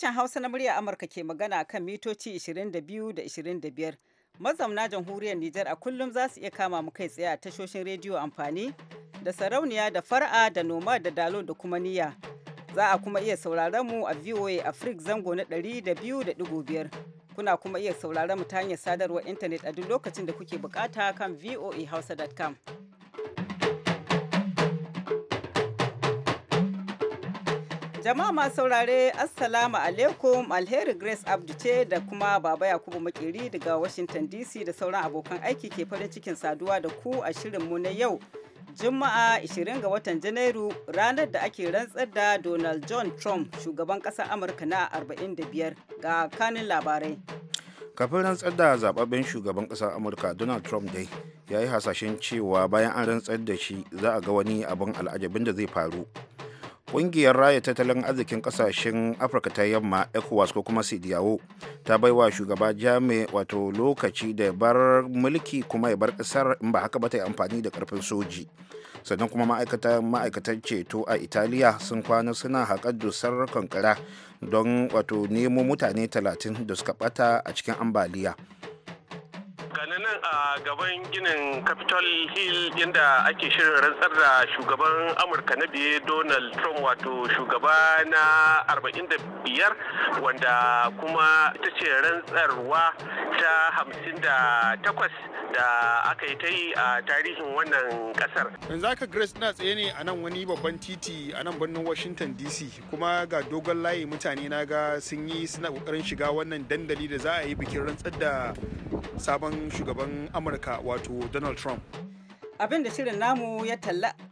Sashen Hausa na murya Amurka ke magana kan mitoci 22 da 25. Mazauna jamhuriyar Nijar a kullum za su iya kama mu kai tsaye a tashoshin rediyo amfani da sarauniya da fara'a da noma da dalo da kuma niyya. Za a kuma iya sauraron mu a VOA Africa zango na 200.5. Kuna kuma iya sauraron mu ta hanyar sadarwar intanet a duk lokacin da kuke bukata kan voahausa.com. Jama'a masu saurare Assalamu alaikum Alheri Grace Abdu ce da kuma Baba Yakubu Makeri daga Washington DC da sauran abokan aiki ke farin cikin saduwa da ku a shirinmu na yau. Juma'a 20 ga watan Janairu ranar da ake rantsar da Donald John Trump shugaban ƙasar Amurka na 45 ga kanin labarai. Kafin rantsar da zababben shugaban ƙasar Amurka Donald Trump dai ya yi hasashen cewa bayan an rantsar da shi za a ga wani abin al'ajabin da zai faru. Ƙungiyar raya tattalin arzikin ƙasashen Afirka ta yamma ECOWAS ko kuma Sidiyawo ta bai wa shugaba Jame wato lokaci da ya bar mulki kuma ya bar ƙasar in ba haka ba ta yi amfani da ƙarfin soji. Sannan kuma ma'aikatan ceto a Italiya sun kwana suna haƙar dusar kankara don wato nemo mutane talatin da suka ɓata a cikin ambaliya. gani nan a gaban ginin capitol hill inda ake shirin rantsar da shugaban amurka na biye donald trump wato shugaba na 45 wanda kuma ita ce rantsarwa ta 58 da aka yi ta yi a tarihin wannan kasar yanzu aka grace na tsaye ne a nan wani babban titi a nan birnin washington dc kuma ga dogon layi mutane na ga sun yi suna kokarin shiga wannan dandali da za a yi bikin rantsar da sabon shugaban amurka wato donald trump abin da shirin namu ya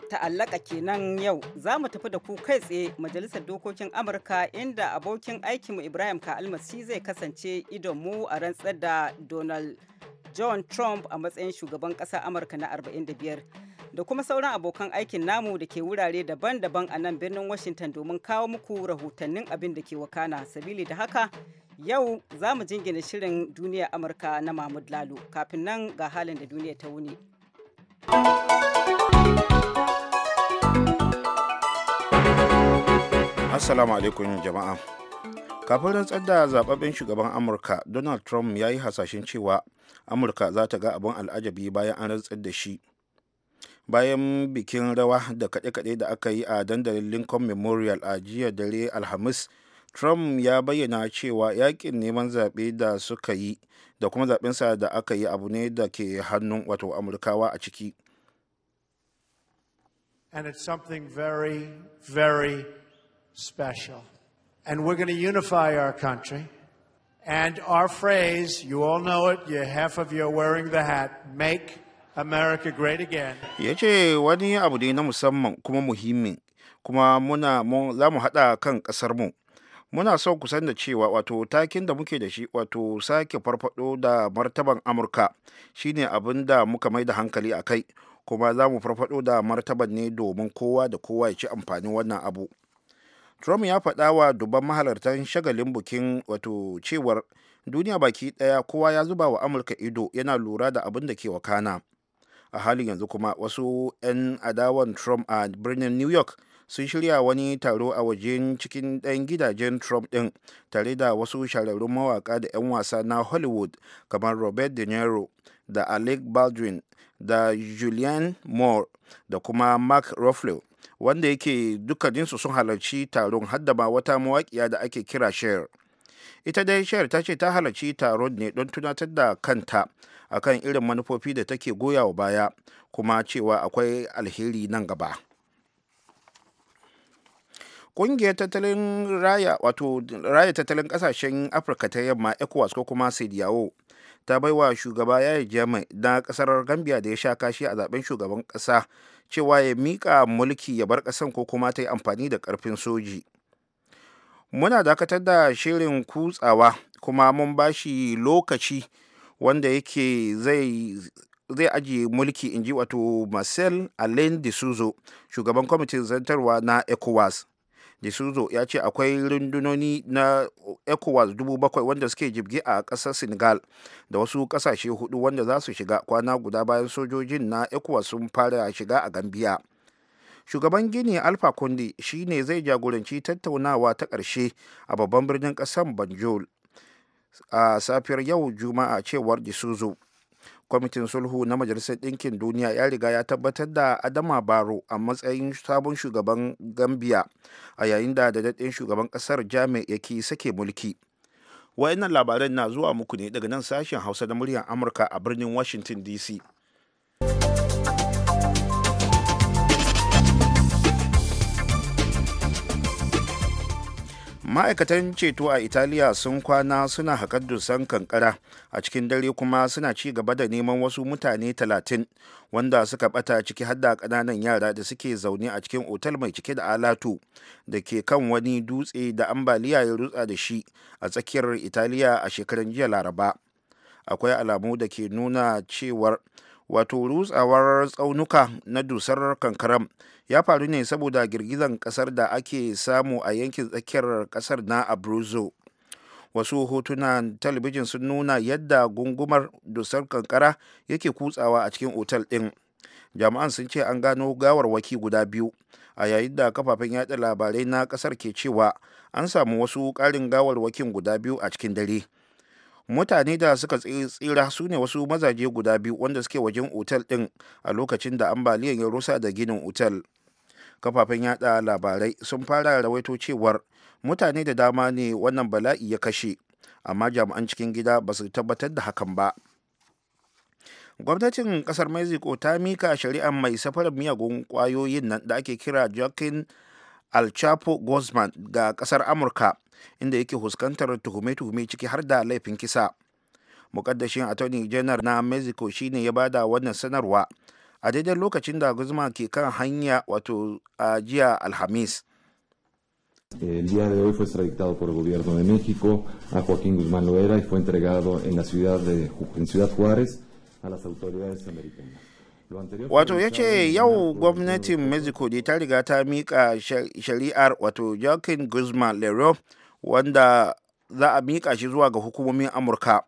ta'allaka kenan yau za mu tafi da ku kai tsaye majalisar dokokin amurka inda abokin aikinmu ibrahim almasi zai kasance mu a rantsar da donald john trump a matsayin shugaban ƙasa amurka na 45 da kuma sauran abokan aikin namu da ke wurare daban-daban a nan birnin washington domin kawo muku rahotannin abin da ke wakana sabili da haka Yau za mu jingina shirin duniya Amurka na Mahmud lalu kafin nan ga halin da duniya ta wuni. Assalamu alaikum jama'a. Kafin rantsar da zababben shugaban Amurka, Donald Trump ya yi hasashen cewa Amurka za ta ga abin al'ajabi bayan an rantsar da shi. Bayan bikin rawa da kaɗe-kaɗe da aka yi a dandalin Lincoln Memorial a jiya dare Alhamis, trump ya bayyana cewa yakin neman zaɓe da suka yi da kuma zaɓensa da aka yi abu ne da ke hannun wato amurkawa a ciki and it's something very very special and we're going to unify our country and our phrase you all know it you half of you are wearing the hat make america great again ya ce wani abu ne na musamman kuma muhimmi kuma muna za mu haɗa kan ƙasar mu muna so ku san da cewa wato takin da muke da shi wato sake farfado da martaban amurka shine abin da muka mai da hankali a kai kuma za mu farfado da martaban ne domin kowa da kowa ya ci amfanin wannan abu trump ya faɗa wa dubban mahalartan shagalin bukin wato cewar duniya baki ɗaya kowa ya zuba wa amurka ido yana lura da abin da ke wakana a halin yanzu kuma wasu 'yan adawan trump a birnin new york sun shirya wani taro a wajen cikin ɗan gidajen trump ɗin tare da wasu shahararrun mawaka da 'yan wasa na hollywood kamar robert de niro da alec baldwin da julian moore da kuma mark ruffalo wanda yake dukkaninsu sun halarci taron ba wata mawaƙiya da ake kira share ita dai shayar ta ce ta halarci taron ne don tunatar da kanta akan irin manufofi da take goya wa baya kuma cewa akwai alheri nan gaba kungiyar tattalin raya wato raya tattalin kasashen afirka ta yamma ecowas ko kuma sediyawo ta baiwa shugaba yaya jami na kasar gambia da ya sha kashi a zaben shugaban kasa cewa ya mika mulki ya bar kasan ko kuma ta yi amfani da karfin soji muna dakatar da shirin kutsawa kuma mun bashi lokaci wanda yake zai zai ajiye mulki in ji wato marcel alain de suzo shugaban kwamitin zantarwa na ecowas suzo ya ce akwai rundunoni na ECOWAS dubu bakwai wanda suke jibgi a ƙasar Senegal da wasu ƙasashe hudu wanda za su shiga kwana guda bayan sojojin na ECOWAS sun fara shiga a Gambia. Shugaban Gini alfa kundi shi ne zai jagoranci tattaunawa ta ƙarshe a babban birnin ƙasar Banjul a safiyar yau Juma'a cewar suzo kwamitin sulhu na majalisar ɗinkin duniya ya riga ya tabbatar da adama baro a matsayin sabon shugaban gambia a yayin da daɗaɗɗen shugaban ƙasar jami yake sake mulki wayannan labaran na zuwa muku ne daga nan sashen hausa na muryar amurka a birnin washington dc ma'aikatan ceto a italiya sun kwana suna haƙar dusan kankara a cikin dare kuma suna ci gaba da neman wasu mutane 30 wanda suka bata ciki hadda ƙananan yara da suke zaune a cikin otal mai cike da alatu da ke kan wani dutse da ambaliya ya rutsa da shi a tsakiyar italiya a shekaran jiya laraba akwai alamu da ke nuna cewar wato rutsawar tsaunuka na dusar kankaram ya faru ne saboda girgizan kasar da ake samu a yankin tsakiyar kasar na abruzzo wasu hotunan talabijin sun nuna yadda gungumar dusar kankara yake kutsawa a cikin otal ɗin jami'an sun ce an gano gawarwaki guda biyu a yayin da kafafen yada labarai na kasar ke cewa an samu wasu ƙarin gawarwakin guda biyu a cikin dare mutane da suka tsira su ne wasu mazaje guda biyu wanda suke wajen otal din a lokacin da ambaliyan ya rusa da ginin otal kafafen yada labarai sun fara rawaito cewar mutane da dama ne wannan bala'i ya kashe amma jami'an cikin gida ba su tabbatar da hakan ba gwamnatin kasar mexico ta mika shari'ar mai safarar miyagun kwayoyin nan da ake kira joaquin alchapo guzman ga kasar amurka inda yake huskantar tuhume-tuhume ciki har da laifin kisa mukaddashin attorney general na mexico shine ya bada wannan sanarwa a daidai lokacin da guzma ke kan hanya wato a jiya alhamis El día de hoy fue extraditado por el gobierno de México a Joaquín Guzmán Loera y fue entregado en la ciudad de en Ciudad Juárez a las autoridades americanas. Wato ya ce yau gwamnatin Mexico da ta riga ta mika shari'ar wato Joaquin Guzman Leroy wanda za a miƙa shi zuwa ga hukumomin amurka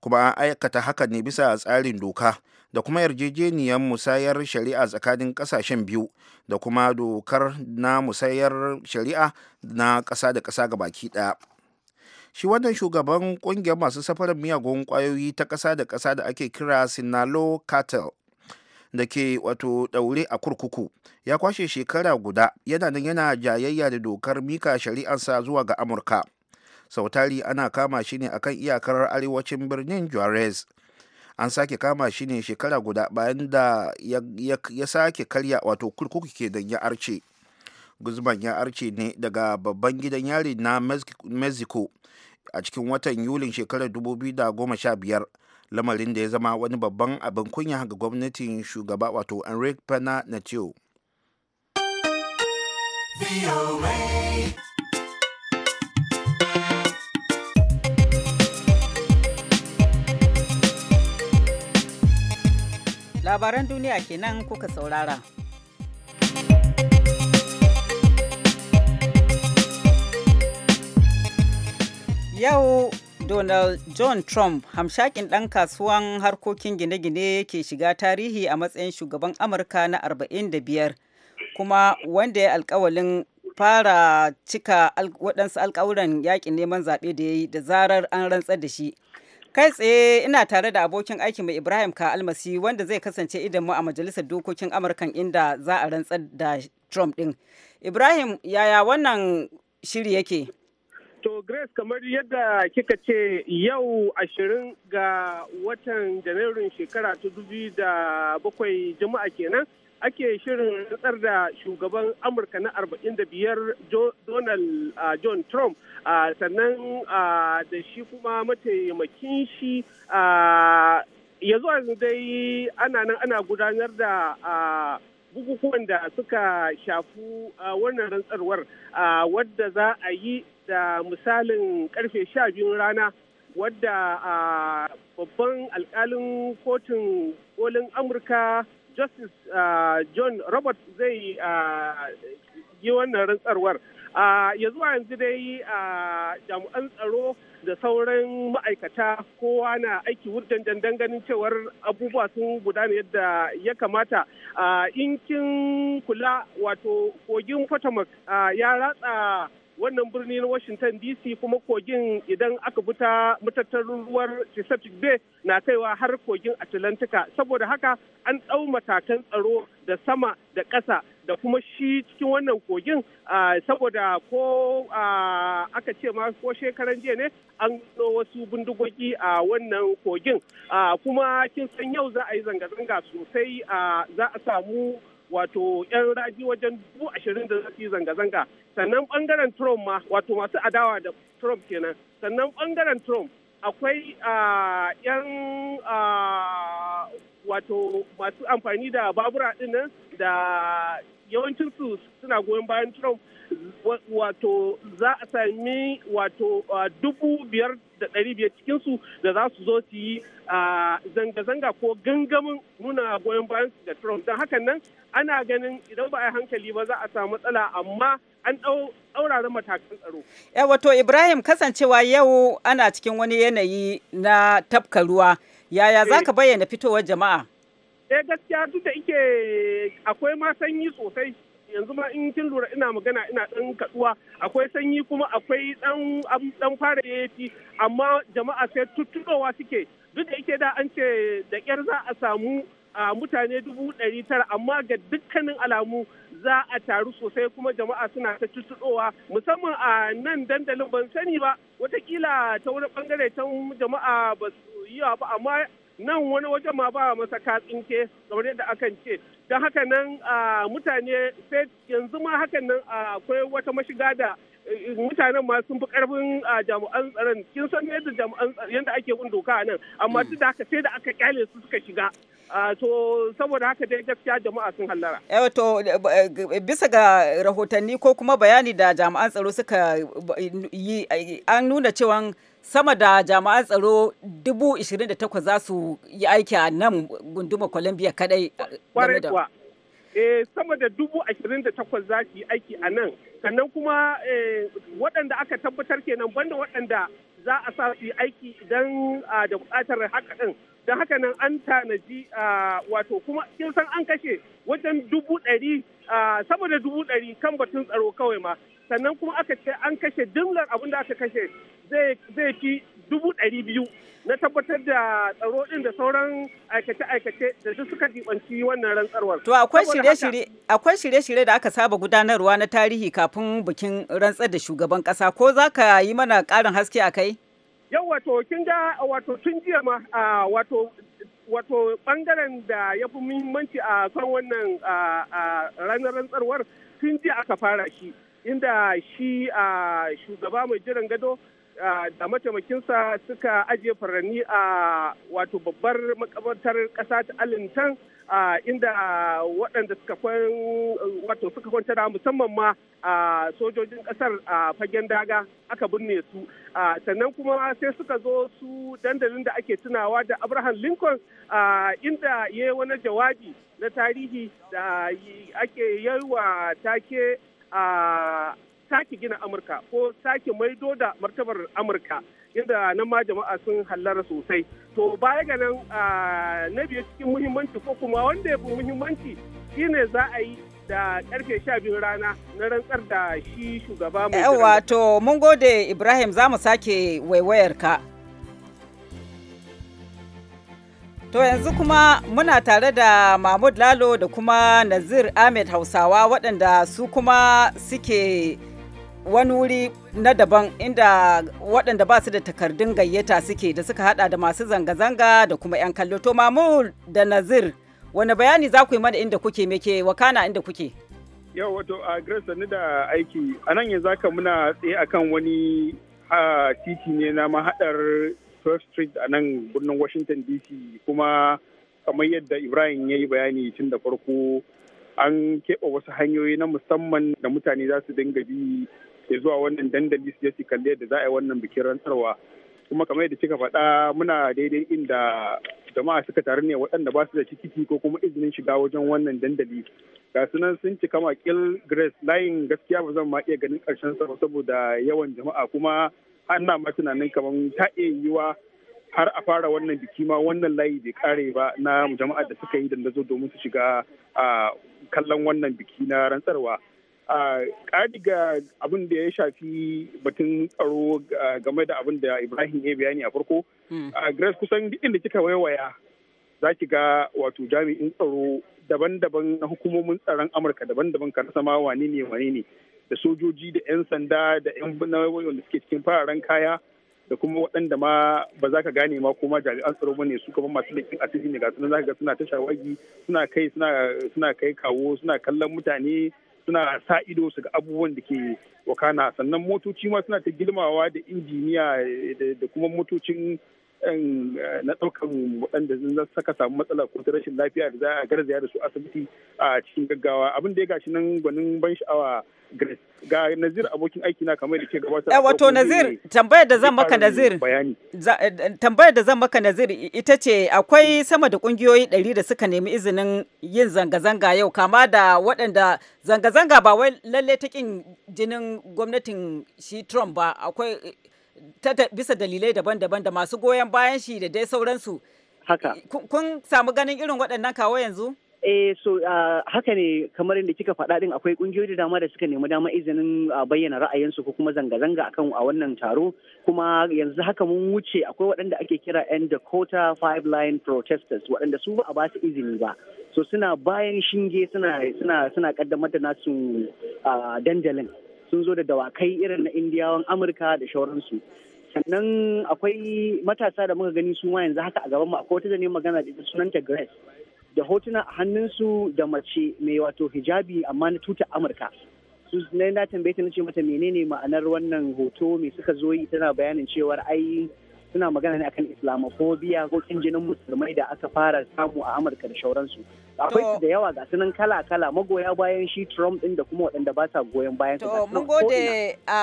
kuma an aikata haka ne bisa tsarin doka da kuma yarjejeniyar musayar shari'a tsakanin ƙasashen biyu da kuma dokar na musayar shari'a na ƙasa da ƙasa ga baki ɗaya shi wannan shugaban ƙungiyar masu safarar miyagun ƙwayoyi ta ƙasa da ƙasa da ake kira sinalo cartel da ke wato daure a kurkuku ya kwashe shekara guda yana nan yana jayayya da dokar mika shari'arsa zuwa ga amurka sautari ana kama shi ne akan iyakar arewacin birnin juarez an sake kama shi ne shekara guda bayan da ya sake karya wato kurkuku ke da ya arce guzman ya arce ne daga babban gidan yari na mexico a cikin watan yulin shekarar 2015 lamarin da ya zama wani babban abin kunya ga gwamnatin shugaba wato enrique pena na labaran duniya kenan kuka saurara Yau Donald John Trump hamshakin ɗan kasuwan harkokin gine-gine yake shiga tarihi a matsayin shugaban Amurka na 45 kuma wanda ya alkawalin fara cika waɗansu alkawuran yakin neman zaɓe da ya yi da zarar an rantsar da shi. Kai tsaye ina tare da abokin aiki mai Ibrahim Ka Almasi wanda zai kasance idan mu a Majalisar Dokokin Amurkan inda za a rantsar da Trump ɗin. Ibrahim yaya wannan shiri yake? To Grace kamar yadda kika ce yau ashirin ga watan Janairun shekara ta dubi da bakwai jama'a kenan ake shirin rantsar da shugaban Amurka na 45 Donald John Trump sannan da shi kuma mataimakin shi ya zuwa dai ana nan ana gudanar da bukukuwan da suka shafu wannan rantsarwar wadda za a yi da misalin karfe sha biyun rana wadda babban alkalin kotun kolin amurka justice john robert zai yi wannan rantsarwar ya zuwa yanzu dai jami'an tsaro da sauran ma'aikata kowa na aiki wurjan jandan ganin cewar abubuwa sun gudana yadda ya kamata a ah, inkin kula wato kogin potomac ah, ya ratsa wannan birni na Washington DC kuma kogin idan aka fita matattarin ruwar Chesapeake Bay na kaiwa har kogin Atlantika saboda haka an ɗau matakan tsaro da sama da ƙasa da kuma shi cikin wannan kogin saboda ko aka ce ma ko shekaran jiya ne an gano wasu bindigogi a wannan kogin kuma kin san yau za a yi zanga-zanga sosai za a samu wato 'yan raji wajen dubu ashirin da yi zanga-zanga sannan bangaren trump ma wato masu adawa da trump kenan sannan bangaren trump akwai yan wato masu amfani da babura ɗinnan da yawancinsu suna goyon bayan trump wato za a sami wato dubu biyar da ɗari biyar cikinsu da za su zo su yi zanga-zanga ko gangamin nuna goyon bayan su da trump don hakan nan ana ganin idan ba a yi hankali ba za a samu matsala amma an tsauraran matakan tsaro. wato Ibrahim kasancewa yau ana cikin wani yanayi na tafka ruwa. Yaya za ka eh. bayyana fitowar jama'a? Eh gaskiya duk da ike akwai ma sanyi sosai. Yanzu ma in kin lura ina magana ina ɗan kaduwa akwai sanyi kuma akwai ɗan ɗan fara yafi amma jama'a sai tuttuɗowa suke duk da ike da an ce da ƙyar za a samu mutane dubu ɗari tara amma ga dukkanin alamu za a taru sosai kuma jama'a suna ta cutuɗowa musamman a nan dandalin ban sani ba watakila ta wani bangare can jama'a ba su yi ba amma nan wani wajen ma ba masa katsinke kamar yadda akan ce don haka nan mutane sai yanzu ma hakan nan akwai wata mashiga da e, e, mutanen ma sun fi karfin jami'an tsaron kin san yadda jami'an yadda ake bin doka a nan amma duk da haka sai da aka kyale su suka shiga to saboda haka dai gaskiya jama'a sun hallara. Yawa eh, to eh, bisa ga rahotanni ko kuma bayani da jami'an tsaro suka yi an nuna cewa sama da jami'an tsaro 28 za su yi aiki a nan gunduma Columbia kadai. Kwarewa. Eh, sama da dubu ashirin da takwas za su yi aiki a nan sannan kuma eh, waɗanda aka tabbatar kenan banda waɗanda za a sa su yi aiki idan ah, da buƙatar haka ɗin don haka nan an tanaji wato kuma kin san an kashe wajen dubu ɗari sama dubu ɗari kan batun tsaro kawai ma sannan kuma aka ce an kashe jimlar abin da aka kashe zai fi dubu ɗari biyu na tabbatar da tsaro ɗin da sauran aikace-aikace da su suka jibanci wannan rantsarwar. To akwai shirye-shirye da aka saba gudanarwa na tarihi kafin bikin rantsar da shugaban ƙasa ko za ka yi mana ƙarin haske a kai? Yau wato kin ga wato tun jiya ma wato wato bangaren da ya fi muhimmanci a kan wannan ranar rantsarwar tun jiya aka fara shi inda shi a shugaba mai jiran gado da mataimakinsa suka ajiye furanni a wato babbar makabartar ƙasa ta alintan inda waɗanda suka wato suka kwanta musamman ma a sojojin ƙasar a fagen daga aka binne su sannan kuma sai suka zo su dandalin da ake tunawa da abraham lincoln inda ya yi wani jawabi na tarihi da ake yi wa take a sake gina amurka ko sake maido da martabar amurka inda nan ma jama'a sun hallara sosai to baya ga nan na biyu cikin muhimmanci ko kuma wanda ya fi muhimmanci shine za a yi da karfe sha biyu rana na rantsar da shi shugaba mai yawa to mun gode ibrahim za mu sake waiwayar ka To yanzu kuma muna tare da Mahmud Lalo da kuma Nazir Ahmed Hausawa waɗanda su kuma suke wani wuri na daban inda waɗanda ba su da takardun gayyata suke da suka hada da masu zanga-zanga da kuma 'yan kallo to mamu da nazir wani bayani za ku yi mana inda kuke meke wakana inda kuke yau wato a grace sani da aiki a nan yanzu aka muna tsaye akan wani titi ne na mahaɗar 12th street a nan birnin washington dc kuma kamar yadda ibrahim ya yi bayani tun da farko an keɓe wasu hanyoyi na musamman da mutane za su dinga bi ke zuwa wannan dandali su je kalle da za a yi wannan bikin rantsarwa kuma kamar yadda kika faɗa muna daidai inda jama'a suka taru ne waɗanda ba su da tikiti ko kuma izinin shiga wajen wannan dandali ga sunan sun ci kama kil grace layin gaskiya ba zan ma iya ganin ƙarshen sa saboda yawan jama'a kuma ana ma tunanin kamar ta iya yiwa har a fara wannan biki ma wannan layi bai kare ba na jama'a da suka yi dandazo domin su shiga a ah, kallon wannan biki na rantsarwa ga abin da ya shafi batun tsaro game da abin da ibrahim ya bayani a farko hmm. a grace kusan duk da kika waiwaya za ki ga wato jami'in tsaro daban-daban na hukumomin tsaron amurka daban-daban ka sama wane ne wane ne da sojoji da 'yan sanda da 'yan wanda suke cikin fararen kaya da kuma waɗanda ma ba za ka gane ma kuma jami'an tsaro ne su kaman masu laifin asiri ne ga sunan za ka suna ta shawagi suna kai suna kai kawo suna kallon mutane suna sa ido su ga abubuwan da ke wakana sannan motoci ma suna ta girmawa da injiniya eh, da kuma motocin Eh, na ɗaukan waɗanda suka samu matsala ko ta rashin lafiya da za a garzaya da su asibiti a cikin gaggawa abin da ya gashi nan gwanin ban sha'awa Grace ga Nazir abokin aiki na kamar da ke gabatar eh, da wato Nazir eh, tambayar da zan maka Nazir tambayar da zan maka Nazir ita ce akwai sama da kungiyoyi 100 da suka nemi izinin yin zanga-zanga yau kama da waɗanda zanga-zanga ba wai lalle ta jinin gwamnatin shi Trump ba akwai bisa dalilai daban-daban da masu goyon bayan shi da dai sauransu. Haka. Kun samu ganin irin waɗannan kawo yanzu? Eh so haka ne kamar yadda kika faɗa din akwai ƙungiyoyi da dama da suka nemi dama izinin uh, bayyana ra'ayinsu ko kuma zanga-zanga akan a wannan taro kuma yanzu haka mun wuce akwai waɗanda ake kira 'yan Dakota Five Line Protesters waɗanda su ba a ba su izini ba so suna bayan shinge suna suna kaddamar da nasu uh, dandalin sun zo da dawakai irin na indiyawan amurka da shauransu sannan akwai matasa da muka gani su ma yanzu haka a gaban mu akwai wata da ne magana da sunanta grace da hotuna a hannunsu da mace mai wato hijabi amma na tuta amurka su na tambaye ta nace mata menene ma'anar wannan hoto mai suka zo yi tana bayanin cewar ai suna magana ne akan islamophobia ko kin jinin musulmai da aka fara samu a amurka da shauransu akwai su da yawa ga sunan kala kala magoya bayan shi trump din da kuma waɗanda ba sa goyon bayan to mun gode a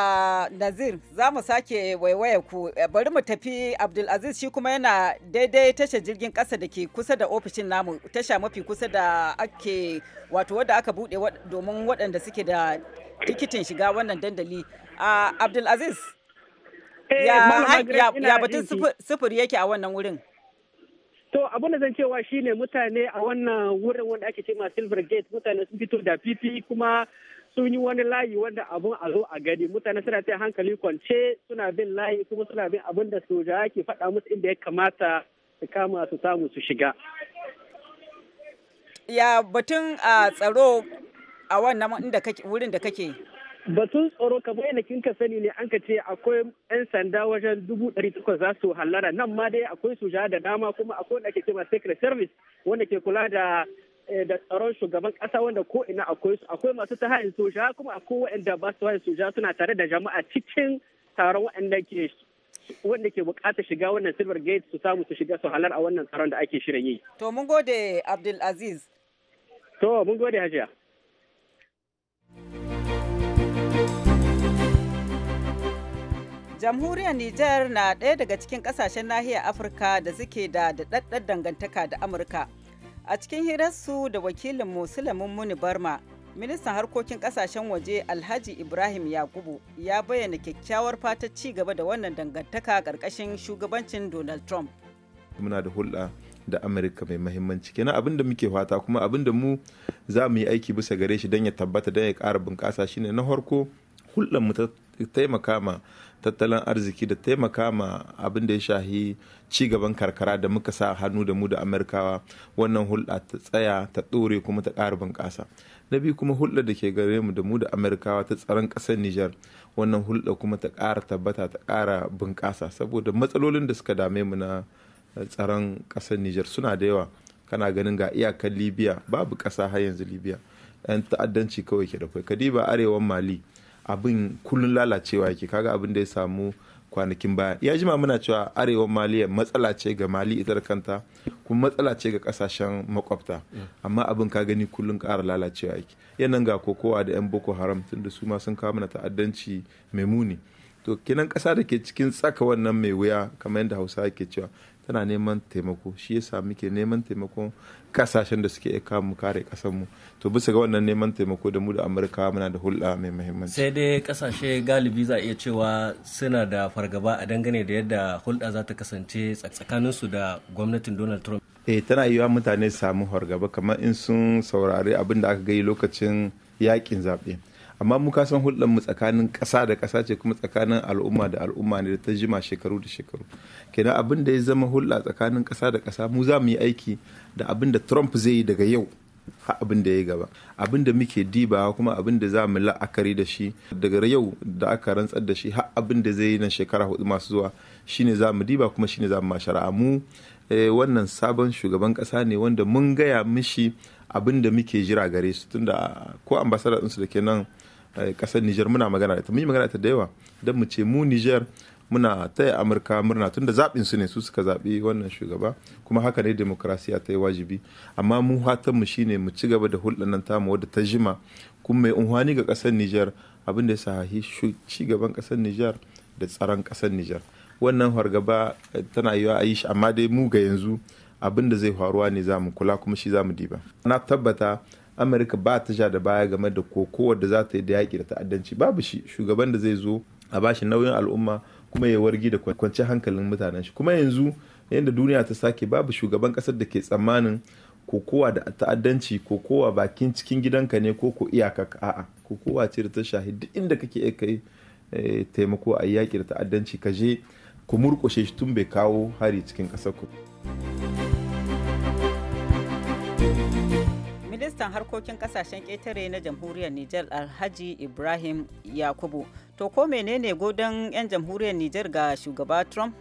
nazir za mu sake waiwaye ku eh, bari mu tafi abdulaziz shi kuma yana daidai tashar jirgin kasa da ke kusa da ofishin namu tasha mafi kusa da ake wato wadda aka buɗe domin waɗanda suke da tikitin shiga wannan dandali ah, abdulaziz Eh, ya batun sufuri yake a wannan wurin to abin da zan cewa shine mutane a wannan wurin wanda ake ma silver gate mutane sun fito da fifi kuma sun yi wani layi wanda abun a zo a gani mutane suna ta hankali kwance suna bin layi kuma suna bin abin da soja ke faɗa musu inda ya kamata su kama su samu su shiga ya batun ah, tsaro a wannan wurin da kake batun tsoro ka bayyana kin ka sani ne an ka ce akwai 'yan sanda wajen dubu ɗari takwas za su hallara nan ma dai akwai suja da dama kuma akwai wanda ake cewa secret service wanda ke kula da eh, da tsaron shugaban kasa wanda ko ina akwai su akwai masu ta hayin soja kuma akwai waɗanda ba su hayin soja suna tare da jama'a cikin taron waɗanda ke wanda ke bukata shiga wannan silver gate su samu su shiga su halar a wannan tsaron da ake shirin yi. To mun gode Abdul Aziz. To mun gode Hajiya. jamhuriyar niger na ɗaya daga cikin ƙasashen nahiyar afirka da suke da daɗaɗɗar dangantaka da amurka a cikin hirarsu da wakilin musulamin muni barma ministan harkokin ƙasashen waje alhaji ibrahim yakubu ya bayyana kyakkyawar fatar ci gaba da wannan dangantaka ƙarƙashin shugabancin donald trump muna da hulɗa da amurka mai mahimmanci kenan abin da muke fata kuma abin da mu za mu yi aiki bisa gare shi don ya tabbata don ya ƙara bunƙasa shine na farko hulɗar mu ta taimaka ma tattalin arziki da taimaka ma abin da ya shahi ci gaban karkara da muka sa hannu da mu da amurkawa wannan hulɗa ta tsaya ta ɗore kuma ta ƙara bunƙasa na biyu kuma hulɗa da ke gare mu da mu da amurkawa ta tsaron ƙasar nijar wannan hulɗa kuma ta ƙara tabbata ta ƙara bunƙasa saboda matsalolin da suka dame mu na tsaron ƙasar nijar suna da yawa kana ganin ga iyakar libya babu ƙasa har yanzu libya 'yan ta'addanci kawai ke da kai kadiba arewan mali abin kullun lalacewa yake kaga abin da ya samu kwanakin baya ya jima muna cewa arewa maliya matsala ce ga mali ita kanta kuma matsala ce ga kasashen makwabta amma abin ka gani kullun kara lalacewa yake yanan ga kokowa da yan boko haram tun da su ma sun kawo mana ta'addanci mai muni to kinan ƙasa da ke cikin tsaka wannan mai wuya kamar yadda hausa ke cewa tana neman taimako shi yasa muke neman taimakon kasashen da suke iya mu kare kasanmu to bisa ga wannan neman taimako da mu da amurka muna da hulɗa mai muhimmanci sai dai kasashe galibi za iya cewa suna da fargaba a dangane da yadda hulɗa za ta kasance tsakaninsu da gwamnatin donald trump eh tana yiwa mutane su samu fargaba kamar in sun saurari abin da aka gai lokacin yakin zaɓe amma mu kasan hulɗar mu tsakanin ƙasa da ƙasa ce kuma tsakanin al'umma da al'umma ne da ta jima shekaru da shekaru kenan abin da ya zama hulɗa tsakanin ƙasa da ƙasa mu za mu yi aiki da abin da Trump zai yi daga yau ha abin da ya gaba abin da muke diba kuma abin da za mu la'akari da shi daga yau da aka rantsar da shi har abin da zai yi nan shekara hudu masu zuwa shine za mu diba kuma shine za mu mashara mu eh, wannan sabon shugaban ƙasa ne wanda mun gaya mishi abin da muke jira gare su tunda ko ambasada ɗinsu da ke nan Eh, kasar Nijar muna magana da ita mun yi magana da ita da yawa don mu ce mu Nijar muna taya Amurka murna tunda zaɓin su ne su suka zaɓi wannan shugaba kuma haka ne demokrasiya ta yi wajibi amma mu hatan mu shine mu ci gaba da hulɗan nan tamu wadda ta jima kuma mai unhwani ga kasar Nijar abin da ya sahi ci gaban kasar Nijar da tsaron kasar Nijar wannan hargaba eh, tana yiwa a yi shi amma dai mu ga yanzu abin da zai faruwa ne za mu kula kuma shi za mu diba na tabbata amurka ba ta sha da baya game da koko da za ta yi da yaƙi da ta'addanci babu shi shugaban da zai zo a bashi nauyin al'umma kuma ya wargi da kwanci hankalin mutanen shi kuma yanzu yadda duniya ta sake babu shugaban ƙasar da ke tsammanin kokowa da ta'addanci kokowa bakin cikin gidanka ne ko ko iyaka a'a kokowa ce da ta shahi duk inda kake kai eh, taimako a yaƙi da ta'addanci ka je ku murƙushe shi tun bai kawo hari cikin ƙasar ku. ministan harkokin kasashen ƙetare na jamhuriyar Nijar Alhaji Ibrahim Yakubu. To ko menene godon 'yan jamhuriyar Nijar ga shugaba Trump?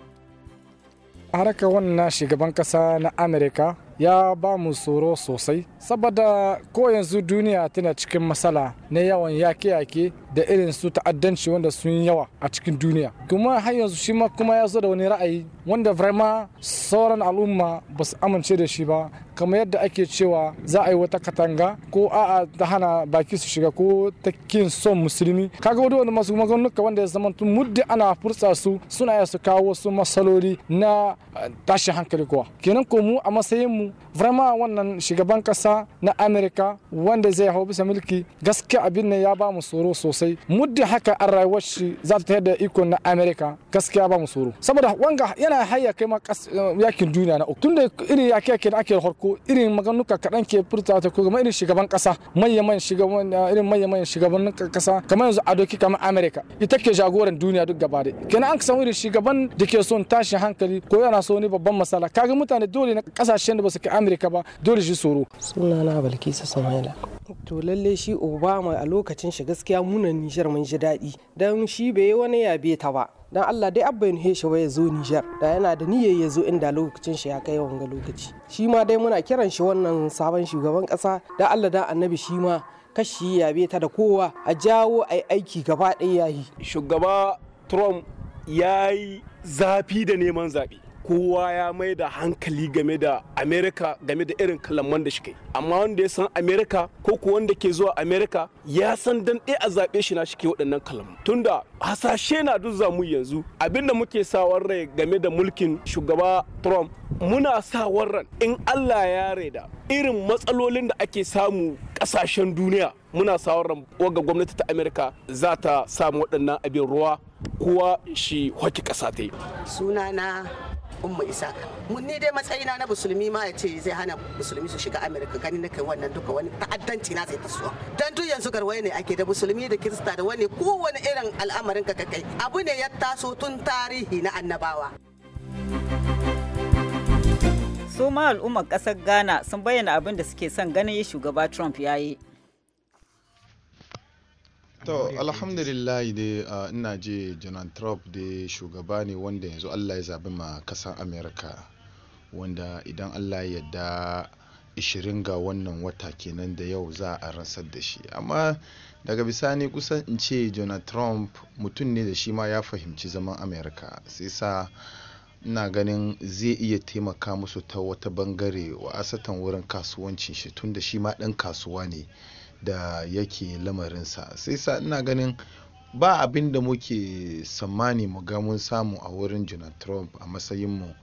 a harkar wannan shugaban kasa na Amerika ya ba mu tsoro sosai, saboda ko yanzu duniya tana cikin matsala na yawan yaƙe-yaƙe da irin su ta'addanci wanda sun yawa a cikin duniya kuma har yanzu shi ma kuma ya zo da wani ra'ayi wanda vraiment sauran al'umma ba su amince da shi ba kamar yadda ake cewa za a yi wata katanga ko a'a ta hana baki su shiga ko ta kin son musulmi kaga wani wanda masu maganuka wanda ya zama tun muddi ana furtsa su suna ya su kawo wasu masaloli na eh, tashi hankali kuwa kenan ko mu a matsayin mu vraiment wannan shugaban kasa na amerika wanda zai hau bisa mulki gaskiya abin ne ya ba mu tsoro sosai sosai muddin haka an rayuwar shi za ta da iko na america gaskiya ba mu tsoro saboda wanga yana haya kai ma eh, yakin duniya na uku tunda irin yaki yaki da ake harko irin maganuka kaɗan ke furta ta kuma irin shugaban kasa manyan shugaban eh, irin manyan shugaban kasa kamar yanzu adoki kamar america ita ke jagoran duniya duk gaba da kenan an samu irin shugaban da ke son tashin hankali ko yana so ne babban masala kaga mutane dole na kasashen da ba su kai america ba dole shi tsoro sunana balkisa samaila to lalle shi obama a lokacin shi gaskiya muna nijar mun ji daɗi don shi bai yi wani yabe ta ba don allah dai abba yin shi ya zo nijar da yana da niyya ya zo inda lokacin shi ya kai wanga lokaci shi ma dai muna kiran shi wannan sabon shugaban ƙasa da allah da annabi shi ma kashi yabe ta da kowa a jawo a aiki gaba ɗaya yayi shugaba trump ya yi zafi da neman zaɓe kowa ya mai da hankali game da Amerika game da irin kalamman da shi kai amma wanda ya san Amerika ko ko wanda ke zuwa Amerika ya san dan a zaɓe shi na shi ke waɗannan kalamman tunda hasashe na duk zamu yanzu abinda muke sawar rai game da mulkin shugaba trump muna sawar ran in allah ya reda irin matsalolin da ake samu kasashen duniya muna ran waga gwamnati ta amerika za ta samu waɗannan abin ruwa kowa shi hoki ƙasa ta yi sunana umma mun ni dai matsayina na musulmi ma ya ce zai hana musulmi su shiga amerika gani na kai wannan duka wani ta'addanci na zai tasowa dan duk yanzu garwaye ne ake da musulmi da kirista da wani kowane irin al'amarin ka kai abu ne ya taso tun tarihi na annabawa su ma al'ummar kasar ghana sun bayyana abin da suke son ganin shugaba trump ya yi To alhamdulillah dai ah, ina je Donald Trump dai shugaba ne wanda yanzu Allah ya zaɓi ma ƙasar Amerika wanda idan Allah ya yarda 20 ga wannan wata kenan da yau za a rantsar da shi amma daga bisani kusan in ce Donald Trump mutum ne da shi ma ya fahimci zaman Amerika sai sa ina ganin zai iya taimaka musu ta wata bangare wa asatan wurin kasuwancin shi tun da shi ma ɗan kasuwa ne. da yake lamarinsa sai sa ina ganin ba abin da muke tsammani mu ga mun samu a wurin donald trump a matsayinmu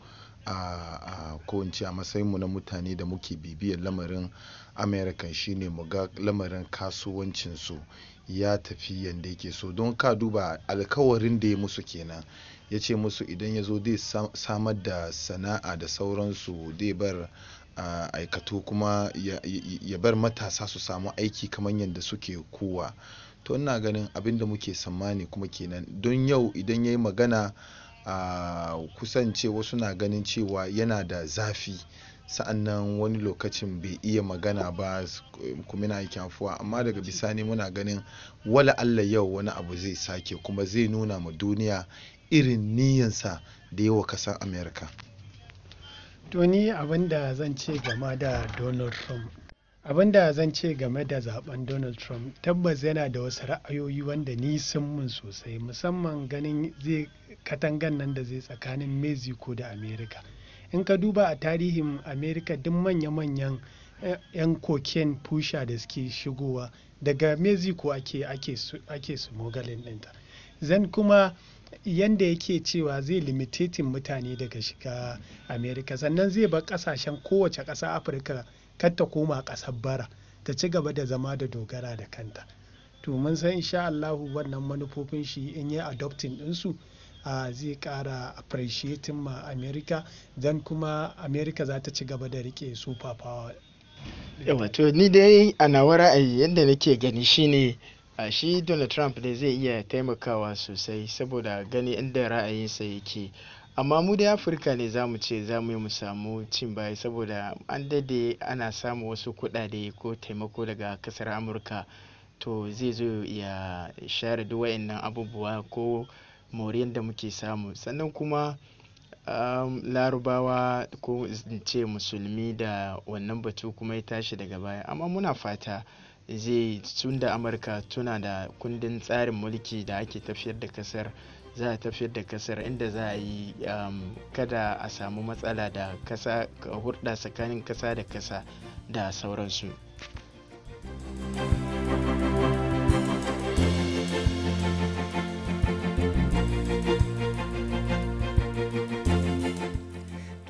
a ko a matsayinmu na mutane da muke bibiyar lamarin amerika shine mu ga lamarin kasuwancinsu ya tafi yadda yake so don ka duba alkawarin da ya musu kenan ya ce musu idan ya zo zai samar da sana'a da sauransu zai bar Aikato kuma ya bar matasa su samu aiki kamar yadda suke kowa to ina ganin abin da muke tsammani kuma kenan don yau idan ya yi magana a kusance wasu na ganin cewa yana da zafi sa'annan wani lokacin bai iya magana ba kuma na yake afuwa amma daga bisani muna ganin wala Allah yau wani abu zai sake kuma zai nuna ma duniya irin niyyansa da yawa kasar america tuni abinda abin da zan ce game da Donald Trump. Abin zan ce game da zaben Donald Trump tabbas yana da wasu ra'ayoyi wanda ni sun mun sosai musamman ganin zai katangan nan da zai tsakanin Mexico da America. In ka duba a tarihin America duk manya-manyan eh, 'yan koken pusha da suke shigowa daga Mexico ake ake su mogalin ɗinta. Zan kuma yanda yake cewa zai limitetin mutane daga shiga amerika sannan zai bar kasashen kowace ƙasa Afirka kar ta koma ƙasar bara ta ci gaba da zama da dogara da kanta. To mun san insha Allahu wannan manufofin shi in yi adoptin ɗinsu a zai ƙara appreciating ma America don kuma America za ta ci gaba da rike sufafawa. power. to ni dai a nawa ra'ayi yadda nake gani shine a shi Donald Trump ne zai iya taimakawa sosai saboda gani inda ra'ayinsa yake amma mu da Afirka ne za mu ce za mu yi mu samu cin baya saboda an dade ana samun wasu kudade ko taimako daga kasar Amurka to zai zo ya share duk nan abubuwa ko moriyar da muke samu sannan kuma um, larubawa ko in ce musulmi da wannan batu kuma ya tashi daga baya amma muna fata zai tun da amurka tuna da kundin tsarin mulki da ake tafiyar da kasar za a tafiyar da kasar inda za a yi um, kada a samu matsala da kasa hurda tsakanin kasa da kasa da sauransu.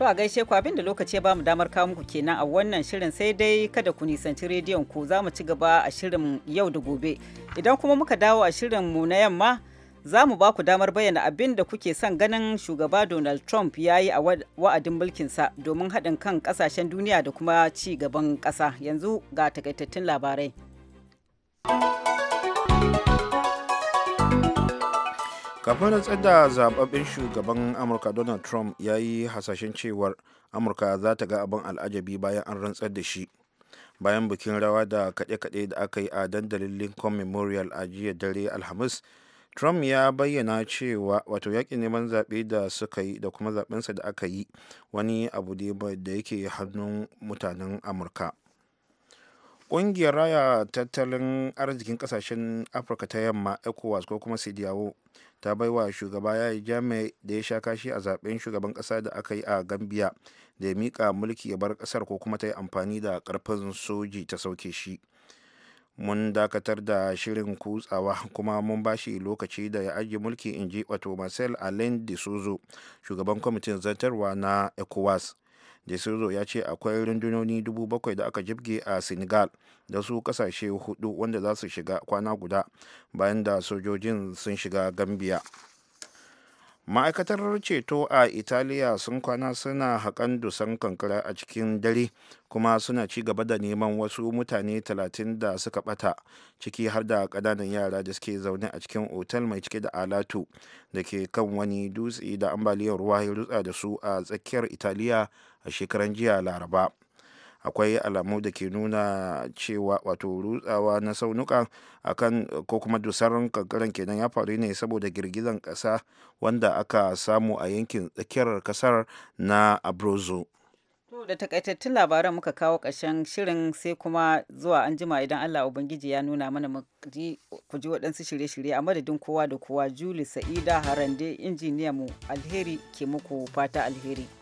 To a gaishe ku abinda lokaci ya bamu damar kawo muku kenan a wannan shirin sai dai kada ku nisanci rediyon ku za mu ci gaba a shirin yau da gobe. Idan kuma muka dawo a shirin mu na yamma za mu ba ku damar bayyana abin da kuke son ganin shugaba Donald Trump ya yi a wa'adin mulkinsa domin haɗin kan ƙasashen duniya da kuma ci gaban ƙasa. Yanzu ga takaitattun labarai. kafin rantsar da shugaban amurka donald trump ya yi hasashen cewar amurka za ta ga abin al'ajabi bayan an rantsar da shi bayan bikin rawa da kaɗe-kaɗe da aka yi a dandalin lincoln memorial a jiya dare alhamis trump ya bayyana cewa wato yakin neman zaɓe da suka yi da kuma zaɓensa da aka yi wani abu ne da yake hannun mutanen amurka ƙungiyar raya tattalin arzikin ƙasashen afirka ta yamma ecowas ko kuma cdao ta baiwa shugaba yi jami'a da ya sha kashi a zaben shugaban kasa da aka yi a gambia da ya mika mulki ya bar kasar ko kuma ta yi amfani da karfin soji ta sauke shi mun dakatar da shirin kutsawa kuma mun ba shi lokaci da ya ajiye mulki in ji wato marcel alain de sozo shugaban kwamitin zartarwa na ecowas de ya ce akwai rundunoni dubu bakwai da aka jibge a senegal da su kasashe hudu wanda za su shiga kwana guda bayan da sojojin sun shiga gambia ma'aikatar ceto a italiya sun kwana suna haƙan dusan kankara a cikin dare kuma suna ci gaba da neman wasu mutane 30 da suka bata ciki har da ƙananan yara da suke zaune a cikin otal mai cike da alatu da ke kan wani dutse da ambaliyar ruwa ya rutsa da su a tsakiyar italiya a shekaran jiya laraba akwai alamu da ke nuna cewa wato rutsawa na saunuka akan ko kuma dusarin kankaran kenan ya faru ne saboda girgizan kasa wanda aka samu a yankin tsakiyar kasar na abrozo da takaitattun labaran muka kawo ƙarshen shirin sai kuma zuwa an jima idan Allah Ubangiji ya nuna mana ku ji waɗansu shirye-shirye a madadin kowa da kowa Juli Sa'ida Harande injiniya mu alheri ke muku fata alheri.